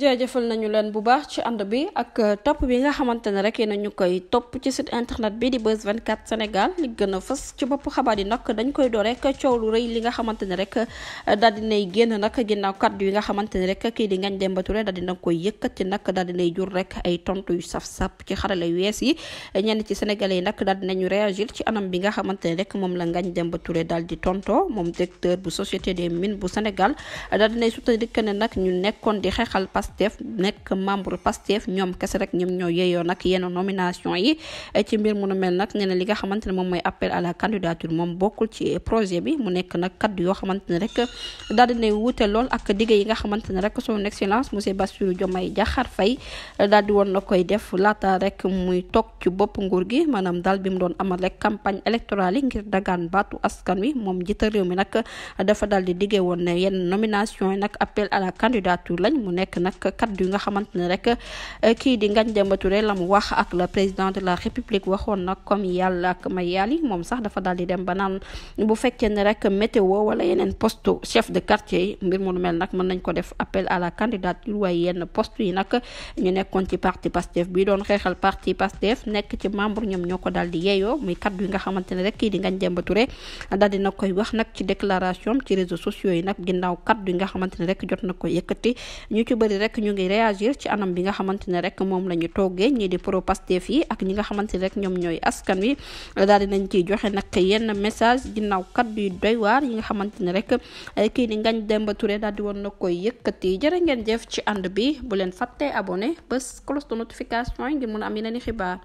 jërëjëfal nañu leen bu baax ci ànd bi ak euh, topp bi nga xamante ne rek yéen ñu koy topp ci site internet bi di Buzz 24 Sénégal li gën a fës ci bopp yi nag dañ koy door lu rëy li nga xamante ne rek euh, daal dinay génn nag ginnaaw kàddu yi nga xamante ne rek kii di Ngagne Demba Touré daal dina koy yëkkati nag daal dinay jur rek ay tontu yu saf-saf ci xarala yu wees yi ñenn ci sénégalais yi nag daal dinañu réagir ci anam bi nga xamante ne rek moom la ngañ Demba Touré daal di tontoo moom directeur bu société des mines bu Sénégal daal dinay soutenir que ne nag ñu nekkoon di xeexal Pastef nekk membre Pastef ñoom kese rek ñoom ñoo yeeyoo nag yenn nomination yi eh, ci mbir mu nu mel nag nee na li nga xamante ne moom mooy appel la candidature moom bokkul ci projet bi mu nekk nag kaddu yoo xamante ne rek daal dina wute lool ak digge yi nga xamante ne rek soo excellence monsieur Bassirou Diomaye Diakhar Faye eh, daal di woon na koy def laata rek muy toog ci bopp nguur gi maanaam daal bi mu doon amal rek campagne électorale yi ngir dagaan baatu askan wi moom jiite réew mi nag dafa daal di digge woon ne yenn nomination yi nag appel à la candidature lañ mu nekk nag nag kaddu yi nga xamante rek eh, kii di Ngagne Demba Touré la mu wax ak le président de la république waxoon nag comme yàlla ma may yàlla moom sax dafa daal di dem ba naan bu fekkee ne rek météo wala yeneen poste chef de quartier yi mbir mu nu mel nag mën nañ ko def appel à la candidature wa yenn poste yi nag ñu nekkoon ci parti Pastef bii doon xeexal parti Pastef nekk ci membre ñoom ñoo ko daal di yeeyoo muy kat yi nga xamante ne rek kii di Ngagne Demba Touré daal koy wax nag ci déclaration ci réseaux sociaux yi nag ginnaaw kaddu yi nga xamante ne rek jot na ko yëkkati rek ñu ngi réagir ci anam bi nga xamante ne rek moom la ñu toggee ñii di pro yi ak ñi nga xamante ne rek ñoom ñooy askan wi daal di nañ ciy joxe nag yenn message ginnaaw naw yu doy waar yi nga xamante ne rek kii di Ngagne Demba Touré daal di woon na koy yëkkati jërë ngeen jëf ci ànd bi bu leen fàttee abonné bés cloche de notification yi ngir mun a am yeneen i xibaar.